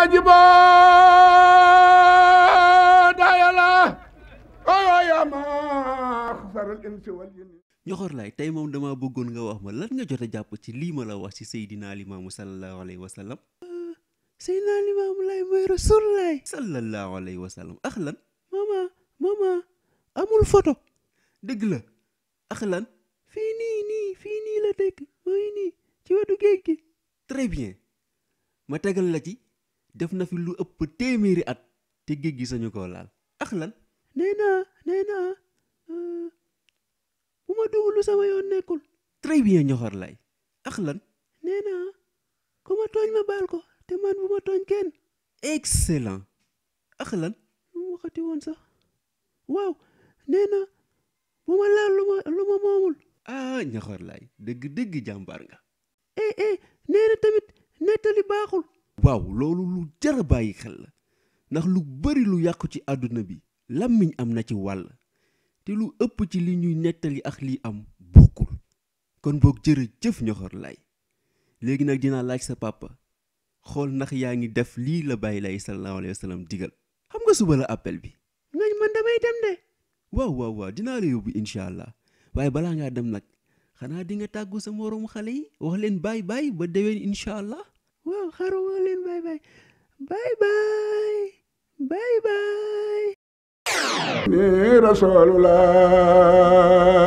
ñoxor lay tey moom dama bëggoon nga wax ma lan nga jot a jàpp ci lii ma la wax ci seydina limaamu salallahu alayhi wasallam seydina limaamu lay mooy rasul lay alayhi wasallam akhlan mama mama amul photo dëgg la ak lan fii nii nii fii nii la Mata mooy nii ci gi très bien ma la ci def na fi lu ëpp téeméeri at te géej gi sañu ko laal ak lan nee naa nee naa euh, bu ma dugg lu sama yoon nekkul très bien ñoxor lay ak lan nee naa ma tooñ ma baal ko te man bu ma tooñ kenn excellent ak lan lu mu waxati woon sax waaw nee bu ma laal lu ma lu ma moomul ah ñoxor lay dëgg-dëgg jàmbaar nga eh eh nee na tamit nettali baaxul waaw loolu lu jar bàyyi xel la ndax lu bari lu yàqu ci àdduna bi làmmiñ am na ci wàll te lu ëpp ci li ñuy nettali ak lii am bokkul kon boog jëf ñoxor lay léegi nag dinaa laaj sa papa xool ndax yaa ngi def lii la bàyyi lay sallallahu alayhi wa digal xam nga suba la appel bi nga man damay dem de waaw waaw waaw dinaa la yóbbu incha allah waaye balaa ngaa dem nag xanaa di nga tàggu sa moroomu xale yi wax leen bàyyi bàyyi ba déwén incha allah waaw xaruma leen bye bye bye bye bye ni rasulullah